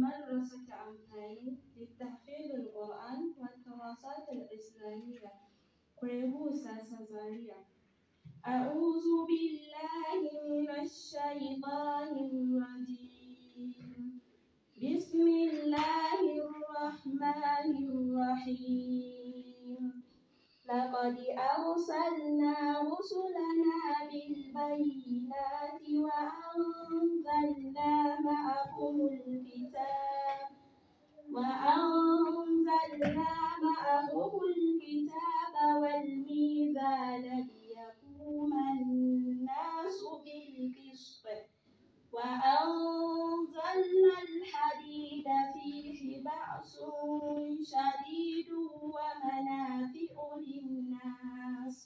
مدرسة عمتين لتحفيظ القرآن والتراثات الإسلامية قيبوسة سزارية أعوذ بالله من الشيطان الرجيم بسم الله الرحمن الرحيم لقد أرسلنا رسلنا بالبينات وأنزلنا معهم الكتاب وأنزلنا معهم الكتاب والميزان ليقوم الناس بالقسط وأنزلنا الحديد فيه بأس شديد ومنافع للناس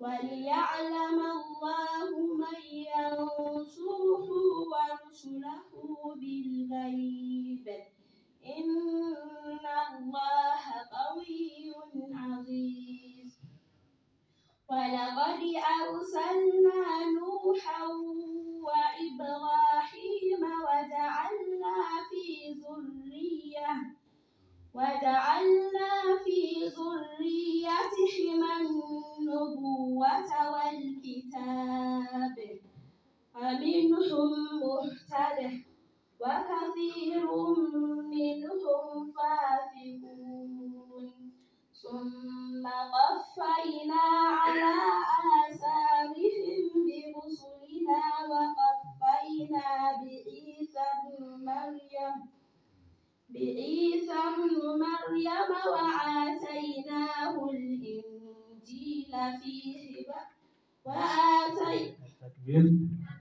وليعلم الله من ولقد أرسلنا نوحا وإبراهيم وجعلنا في ذرية وجعلنا في ذريتهما النبوة والكتاب فمنهم مهتد وكثير منهم فاسق وقفينا على آثارهم برسلنا وقفينا بعيسى ابن مريم بعيسى ابن مريم وآتيناه الإنجيل فيه وآتي